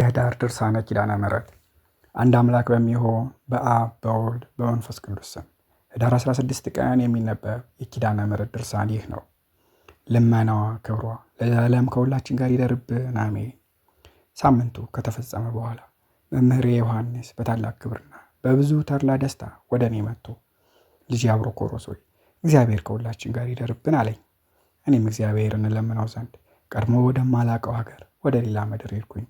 የህዳር ድርሳነ ኪዳነ ምሕረት አንድ አምላክ በሚሆን በአብ በወልድ በመንፈስ ቅዱስ ስም ህዳር 16 ቀን የሚነበብ የኪዳነ ምሕረት ድርሳን ይህ ነው። ልመናዋ ክብሯ ለዘላለም ከሁላችን ጋር ይደርብን አሜን። ሳምንቱ ከተፈጸመ በኋላ መምህሬ ዮሐንስ በታላቅ ክብርና በብዙ ተድላ ደስታ ወደ እኔ መጥቶ ልጅ አብሮኮሮስ ሆይ እግዚአብሔር ከሁላችን ጋር ይደርብን አለኝ። እኔም እግዚአብሔር እንለምነው ዘንድ ቀድሞ ወደማላቀው ሀገር ወደ ሌላ ምድር ሄድኩኝ።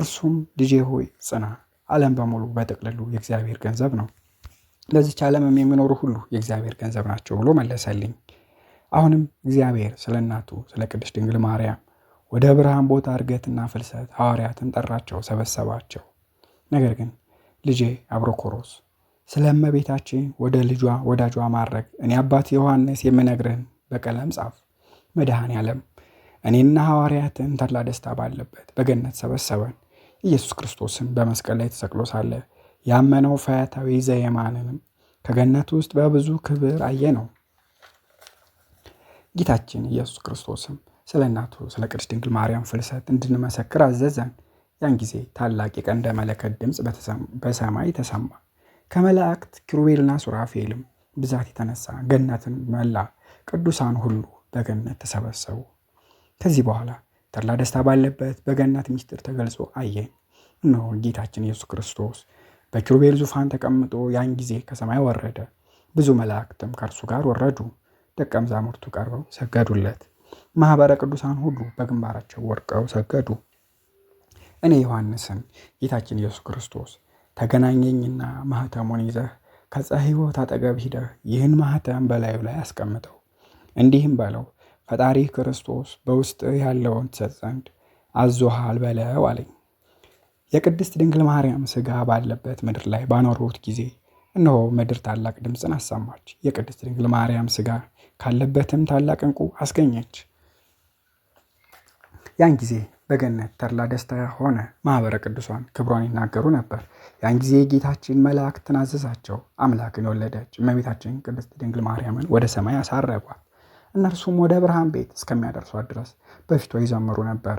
እርሱም ልጄ ሆይ ጽና። ዓለም በሙሉ በጥቅልሉ የእግዚአብሔር ገንዘብ ነው፣ ለዚች ዓለምም የሚኖሩ ሁሉ የእግዚአብሔር ገንዘብ ናቸው ብሎ መለሰልኝ። አሁንም እግዚአብሔር ስለ እናቱ ስለ ቅድስት ድንግል ማርያም ወደ ብርሃን ቦታ እርገትና ፍልሰት ሐዋርያትን ጠራቸው፣ ሰበሰባቸው። ነገር ግን ልጄ አብሮኮሮስ ስለ እመቤታችን ወደ ልጇ ወዳጇ ማድረግ እኔ አባት ዮሐንስ የምነግርህን በቀለም ጻፍ። መድኃኔ ዓለም እኔና ሐዋርያትን ተድላ ደስታ ባለበት በገነት ሰበሰበን። ኢየሱስ ክርስቶስን በመስቀል ላይ ተሰቅሎ ሳለ ያመነው ፈያታዊ ዘየማንንም ከገነት ውስጥ በብዙ ክብር አየ ነው። ጌታችን ኢየሱስ ክርስቶስም ስለ እናቱ ስለ ቅድስት ድንግል ማርያም ፍልሰት እንድንመሰክር አዘዘን። ያን ጊዜ ታላቅ የቀንደ መለከት ድምፅ በሰማይ ተሰማ። ከመላእክት ኪሩቤልና ሱራፌልም ብዛት የተነሳ ገነትን መላ ቅዱሳን ሁሉ በገነት ተሰበሰቡ። ከዚህ በኋላ ተድላ ደስታ ባለበት በገናት ምስጢር ተገልጾ አየን። እነሆ ጌታችን ኢየሱስ ክርስቶስ በኪሩቤል ዙፋን ተቀምጦ ያን ጊዜ ከሰማይ ወረደ። ብዙ መላእክትም ከእርሱ ጋር ወረዱ፣ ደቀ መዛሙርቱ ቀርበው ሰገዱለት። ማኅበረ ቅዱሳን ሁሉ በግንባራቸው ወድቀው ሰገዱ። እኔ ዮሐንስን ጌታችን ኢየሱስ ክርስቶስ ተገናኘኝና ማኅተሙን ይዘህ ከዕፀ አጠገብ ሂደህ ይህን ማኅተም በላዩ ላይ አስቀምጠው፣ እንዲህም በለው ፈጣሪ ክርስቶስ በውስጥ ያለውን ትሰጥ ዘንድ አዞሃል በለው አለኝ። የቅድስት ድንግል ማርያም ስጋ ባለበት ምድር ላይ ባኖሩት ጊዜ እነሆ ምድር ታላቅ ድምፅን አሰማች። የቅድስት ድንግል ማርያም ስጋ ካለበትም ታላቅ እንቁ አስገኘች። ያን ጊዜ በገነት ተድላ ደስታ ሆነ። ማህበረ ቅዱሳን ክብሯን ይናገሩ ነበር። ያን ጊዜ ጌታችን መላእክትን አዘዛቸው። አምላክን የወለደች እመቤታችን ቅድስት ድንግል ማርያምን ወደ ሰማይ አሳረጓት። እነርሱም ወደ ብርሃን ቤት እስከሚያደርሷት ድረስ በፊቷ ይዘምሩ ነበር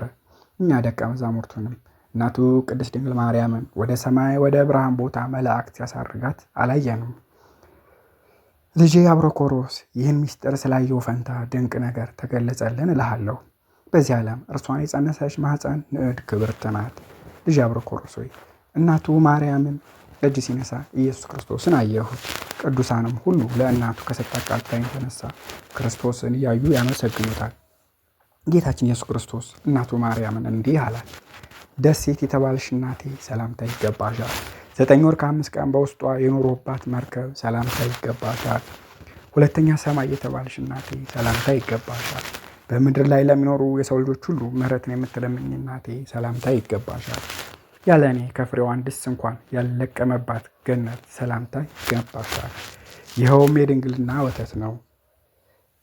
እኛ ደቀ መዛሙርቱንም እናቱ ቅድስት ድንግል ማርያምን ወደ ሰማይ ወደ ብርሃን ቦታ መላእክት ሲያሳርጋት አላየንም። ልጄ አብሮኮሮስ ይህን ምስጢር ስላየው ፈንታ ድንቅ ነገር ተገለጸልን እልሃለሁ። በዚህ ዓለም እርሷን የጸነሰች ማህፀን ንዕድ ክብርት ናት። ልጄ አብሮኮሮስ ሆይ እናቱ ማርያምን እጅ ሲነሳ ኢየሱስ ክርስቶስን አየሁት። ቅዱሳንም ሁሉ ለእናቱ ከሰጣት ቃል ኪዳን የተነሳ ክርስቶስን እያዩ ያመሰግኑታል። ጌታችን ኢየሱስ ክርስቶስ እናቱ ማርያምን እንዲህ አላት፣ ደሴት የተባልሽ እናቴ ሰላምታ ይገባሻል። ዘጠኝ ወር ከአምስት ቀን በውስጧ የኖሮባት መርከብ ሰላምታ ይገባሻል። ሁለተኛ ሰማይ የተባልሽ እናቴ ሰላምታ ይገባሻል። በምድር ላይ ለሚኖሩ የሰው ልጆች ሁሉ ምሕረትን የምትለምኝ እናቴ ሰላምታ ይገባሻል። ያለ እኔ ከፍሬው አንድስ እንኳን ያልለቀመባት ገነት ሰላምታ ይገባታል። ይኸውም የድንግልና ወተት ነው።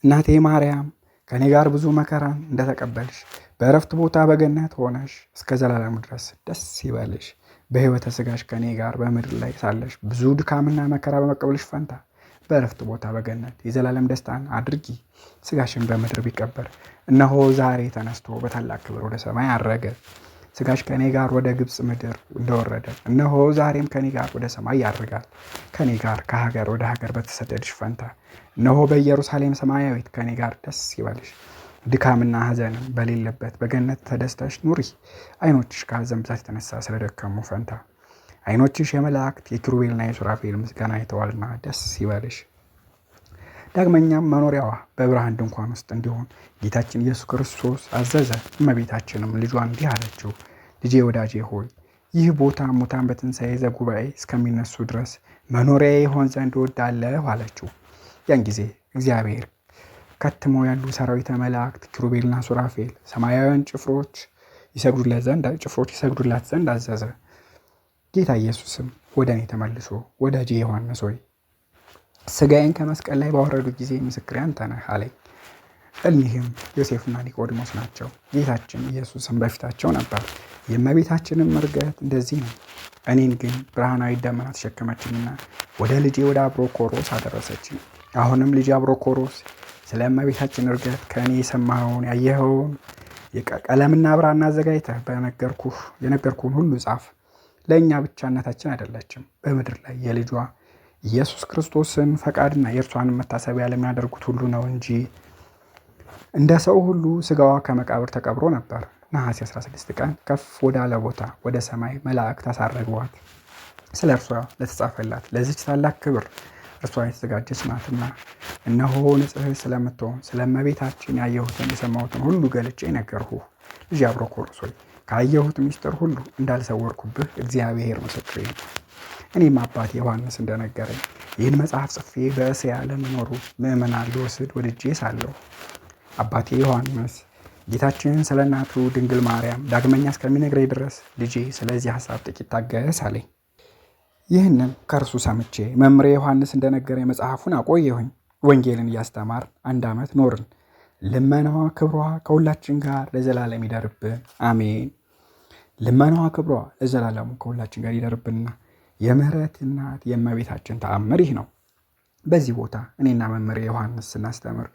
እናቴ ማርያም ከእኔ ጋር ብዙ መከራን እንደተቀበልሽ በእረፍት ቦታ በገነት ሆነሽ እስከ ዘላለሙ ድረስ ደስ ይበልሽ። በሕይወተ ሥጋሽ ከእኔ ጋር በምድር ላይ ሳለሽ ብዙ ድካምና መከራ በመቀበልሽ ፈንታ በእረፍት ቦታ በገነት የዘላለም ደስታን አድርጊ። ሥጋሽን በምድር ቢቀበር እነሆ ዛሬ ተነስቶ በታላቅ ክብር ወደ ሰማይ አረገ። ስጋሽ ከእኔ ጋር ወደ ግብፅ ምድር እንደወረደ እነሆ ዛሬም ከእኔ ጋር ወደ ሰማይ ያድርጋል። ከእኔ ጋር ከሀገር ወደ ሀገር በተሰደድሽ ፈንታ እነሆ በኢየሩሳሌም ሰማያዊት ከእኔ ጋር ደስ ይበልሽ። ድካምና ሐዘንም በሌለበት በገነት ተደስተሽ ኑሪ። አይኖችሽ ከሐዘን ብዛት የተነሳ ስለደከሙ ፈንታ አይኖችሽ የመላእክት የኪሩቤልና የሱራፌል ምስጋና አይተዋልና ደስ ይበልሽ። ዳግመኛም መኖሪያዋ በብርሃን ድንኳን ውስጥ እንዲሆን ጌታችን ኢየሱስ ክርስቶስ አዘዘ። እመቤታችንም ልጇ እንዲህ አለችው፣ ልጄ ወዳጄ ሆይ ይህ ቦታ ሙታን በትንሣኤ ዘጉባኤ እስከሚነሱ ድረስ መኖሪያ የሆን ዘንድ ወዳለሁ አለችው። ያን ጊዜ እግዚአብሔር ከትመው ያሉ ሰራዊተ መላእክት ኪሩቤልና ሱራፌል ሰማያውያን ጭፍሮች ይሰግዱለት ዘንድ ጭፍሮች ይሰግዱላት ዘንድ አዘዘ። ጌታ ኢየሱስም ወደ እኔ ተመልሶ ወዳጄ ዮሐንስ ሆይ ስጋዬን ከመስቀል ላይ ባወረዱ ጊዜ ምስክር አንተ ነህ አለኝ። እኒህም ዮሴፍና ኒቆዲሞስ ናቸው። ጌታችን ኢየሱስን በፊታቸው ነበር። የእመቤታችንም እርገት እንደዚህ ነው። እኔን ግን ብርሃናዊ ደመና ተሸከመችኝና ወደ ልጄ ወደ አብሮኮሮስ አደረሰችኝ። አሁንም ልጅ አብሮኮሮስ ስለ እመቤታችን እርገት ከእኔ የሰማኸውን ያየኸውን ቀለምና ብራና አዘጋጅተህ የነገርኩህን ሁሉ ጻፍ። ለእኛ ብቻነታችን አይደለችም፣ በምድር ላይ የልጇ ኢየሱስ ክርስቶስን ፈቃድና የእርሷን መታሰቢያ ለሚያደርጉት ሁሉ ነው እንጂ እንደ ሰው ሁሉ ስጋዋ ከመቃብር ተቀብሮ ነበር። ነሐሴ 16 ቀን ከፍ ወዳለ ቦታ ወደ ሰማይ መላእክት አሳረግቧት። ስለ እርሷ ለተጻፈላት ለዚች ታላቅ ክብር እርሷ የተዘጋጀች ናትና እነሆ ንጽሕት ስለምትሆን ስለ እመቤታችን ያየሁትን የሰማሁትን ሁሉ ገልጬ ነገርሁ። ልጅ አብሮኮርሶ ካየሁት ምስጢር ሁሉ እንዳልሰወርኩብህ እግዚአብሔር ምስክሬ ነው። እኔም አባቴ ዮሐንስ እንደነገረኝ ይህን መጽሐፍ ጽፌ በእስያ ለሚኖሩ ምዕመናን ልወስድ ወድጄ ሳለሁ አባቴ ዮሐንስ ጌታችን ስለ እናቱ ድንግል ማርያም ዳግመኛ እስከሚነግረኝ ድረስ ልጄ ስለዚህ ሀሳብ ጥቂት ታገስ አለኝ። ይህንም ከእርሱ ሰምቼ መምሬ ዮሐንስ እንደነገረኝ መጽሐፉን አቆየሁኝ። ወንጌልን እያስተማር አንድ ዓመት ኖርን። ልመናዋ ክብሯ ከሁላችን ጋር ለዘላለም ይደርብን፣ አሜን። ልመናዋ ክብሯ ለዘላለሙ ከሁላችን ጋር ይደርብንና የምህረት እናት የእመቤታችን ተአምር ይህ ነው። በዚህ ቦታ እኔና መምህር ዮሐንስ ስናስተምር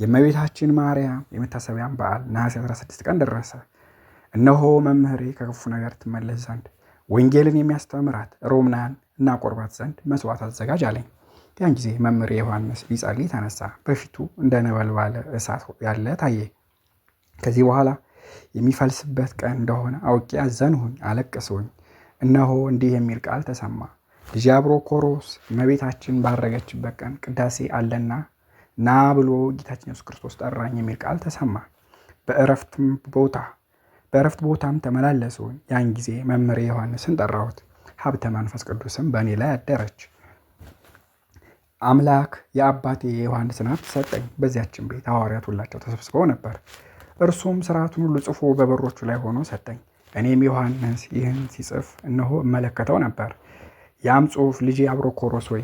የእመቤታችን ማርያም የመታሰቢያን በዓል ነሐሴ 16 ቀን ደረሰ። እነሆ መምህሬ ከክፉ ነገር ትመለስ ዘንድ ወንጌልን የሚያስተምራት ሮምናን እናቆርባት ዘንድ መስዋዕት አዘጋጅ አለኝ። ያን ጊዜ መምህር ዮሐንስ ሊጸልይ ተነሳ። በፊቱ እንደ ነበልባለ እሳት ያለ ታየ። ከዚህ በኋላ የሚፈልስበት ቀን እንደሆነ አውቄ አዘንሁኝ፣ አለቅስሁኝ። እነሆ እንዲህ የሚል ቃል ተሰማ። ልጄ ኮሮስ እመቤታችን ባረገችበት ቀን ቅዳሴ አለና ና ብሎ ጌታችን ኢየሱስ ክርስቶስ ጠራኝ የሚል ቃል ተሰማ። በእረፍትም ቦታ በእረፍት ቦታም ተመላለስኩኝ። ያን ጊዜ መምህሬ ዮሐንስን ጠራሁት፣ ሀብተ መንፈስ ቅዱስም በእኔ ላይ አደረች። አምላክ የአባቴ የዮሐንስን ሀብት ሰጠኝ። በዚያችን ቤት ሐዋርያት ሁላቸው ተሰብስበው ነበር። እርሱም ስርዓቱን ሁሉ ጽፎ በበሮቹ ላይ ሆኖ ሰጠኝ። እኔም ዮሐንስ ይህን ሲጽፍ እነሆ እመለከተው ነበር። ያም ጽሑፍ ልጄ አብሮኮሮስ ወይ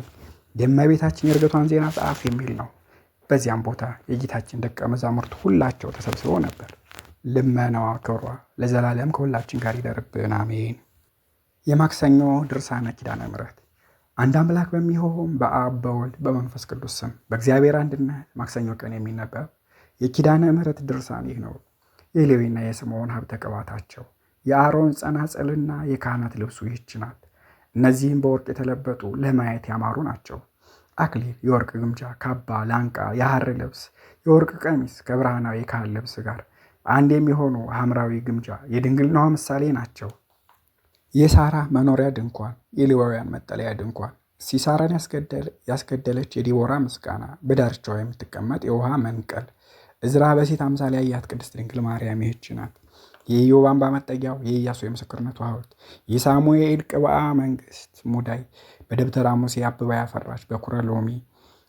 የእመቤታችን የእርገቷን ዜና ጻፍ የሚል ነው። በዚያም ቦታ የጌታችን ደቀ መዛሙርት ሁላቸው ተሰብስበው ነበር። ልመናዋ ክብሯ ለዘላለም ከሁላችን ጋር ይደርብን፣ አሜን። የማክሰኞ ድርሳነ ኪዳነ ምሕረት አንድ አምላክ በሚሆን በአብ በወልድ በመንፈስ ቅዱስ ስም በእግዚአብሔር አንድነት ማክሰኞ ቀን የሚነበብ የኪዳነ ምሕረት ድርሳን ይህ ነው። የሌዊና የስምዖን ሀብተ ቅባታቸው የአሮን ጸናጽልና የካህናት ልብሱ ይህች ናት። እነዚህም በወርቅ የተለበጡ ለማየት ያማሩ ናቸው። አክሊል፣ የወርቅ ግምጃ፣ ካባ፣ ላንቃ፣ የሐር ልብስ፣ የወርቅ ቀሚስ ከብርሃናዊ የካህን ልብስ ጋር አንድ የሚሆኑ ሐምራዊ ግምጃ የድንግልናዋ ምሳሌ ናቸው። የሳራ መኖሪያ ድንኳን፣ የሌዋውያን መጠለያ ድንኳን፣ ሲሳራን ያስገደለች የዲቦራ ምስጋና፣ በዳርቻዋ የምትቀመጥ የውሃ መንቀል፣ እዝራ በሴት አምሳል ያያት ቅድስት ድንግል ማርያም ይህች ናት። የኢዮብ አምባ መጠጊያው የኢያሱ የምስክርነቱ ሐውልት የሳሙኤል ቅብአ መንግስት ሙዳይ በደብተራ ሙሴ አበባ ያፈራች በኩረ ሎሚ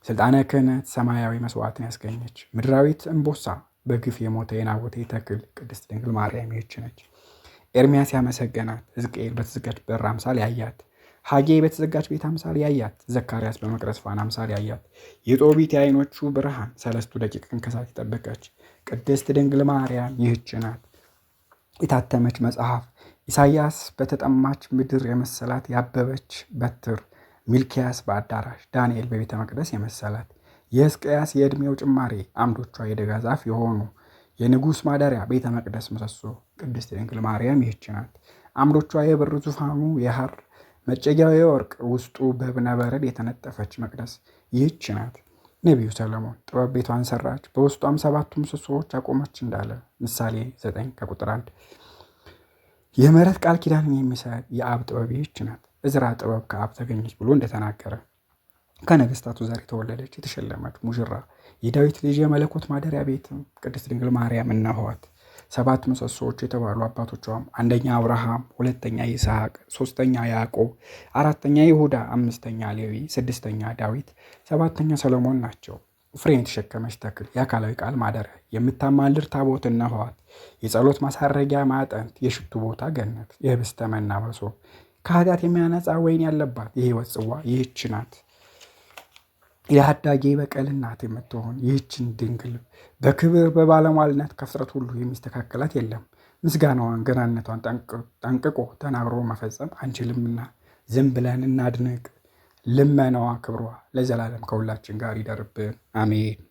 ስልጣነ ክህነት ሰማያዊ መስዋዕትን ያስገኘች ምድራዊት እምቦሳ በግፍ የሞተ የናቦቴ ተክል ቅድስት ድንግል ማርያም ይህች ነች። ኤርሚያስ ያመሰገናት፣ ሕዝቅኤል በተዘጋች በር አምሳል ያያት፣ ሐጌ በተዘጋች ቤት አምሳል ያያት፣ ዘካርያስ በመቅረዝ ፋን አምሳል ያያት፣ የጦቢት የአይኖቹ ብርሃን ሰለስቱ ደቂቅ እንከሳት የጠበቀች ቅድስት ድንግል ማርያም ይህች ናት። የታተመች መጽሐፍ፣ ኢሳይያስ በተጠማች ምድር የመሰላት ያበበች በትር፣ ሚልኪያስ በአዳራሽ፣ ዳንኤል በቤተ መቅደስ የመሰላት የሕዝቅያስ የዕድሜው ጭማሪ አምዶቿ የደጋ ዛፍ የሆኑ የንጉሥ ማደሪያ ቤተ መቅደስ ምሰሶ ቅድስት ድንግል ማርያም ይህች ናት። አምዶቿ የብር ዙፋኑ የሐር መጨጊያው የወርቅ ውስጡ በእብነ በረድ የተነጠፈች መቅደስ ይህች ናት። ነቢዩ ሰለሞን ጥበብ ቤቷን ሰራች፣ በውስጧም ሰባቱ ምሰሶዎች አቆመች እንዳለ ምሳሌ ዘጠኝ ከቁጥር አንድ የምህረት ቃል ኪዳንን የሚሰጥ የአብ ጥበብ ይህች ናት። እዝራ ጥበብ ከአብ ተገኘች ብሎ እንደተናገረ ከነገስታቱ ዘር የተወለደች የተሸለመች ሙሽራ የዳዊት ልጅ የመለኮት ማደሪያ ቤትም ቅድስት ድንግል ማርያም እናህዋት። ሰባት ምሰሶዎች የተባሉ አባቶቿም አንደኛ አብርሃም፣ ሁለተኛ ይስሐቅ፣ ሶስተኛ ያዕቆብ፣ አራተኛ ይሁዳ፣ አምስተኛ ሌዊ፣ ስድስተኛ ዳዊት፣ ሰባተኛ ሰለሞን ናቸው። ፍሬን የተሸከመች ተክል የአካላዊ ቃል ማደሪያ የምታማልድ ታቦትና ህዋት የጸሎት ማሳረጊያ ማዕጠንት የሽቱ ቦታ ገነት የህብስተ መናበሶ ከኃጢአት የሚያነጻ ወይን ያለባት የህይወት ጽዋ ይህች ናት። የአዳጌ በቀል እናት የምትሆን ይህችን ድንግል በክብር በባለሟልነት ከፍጥረት ሁሉ የሚስተካከላት የለም። ምስጋናዋን ገናነቷን ጠንቅቆ ተናግሮ መፈጸም አንችልምና ዝም ብለን እናድንቅ። ልመናዋ ክብሯ ለዘላለም ከሁላችን ጋር ይደርብን፣ አሜን።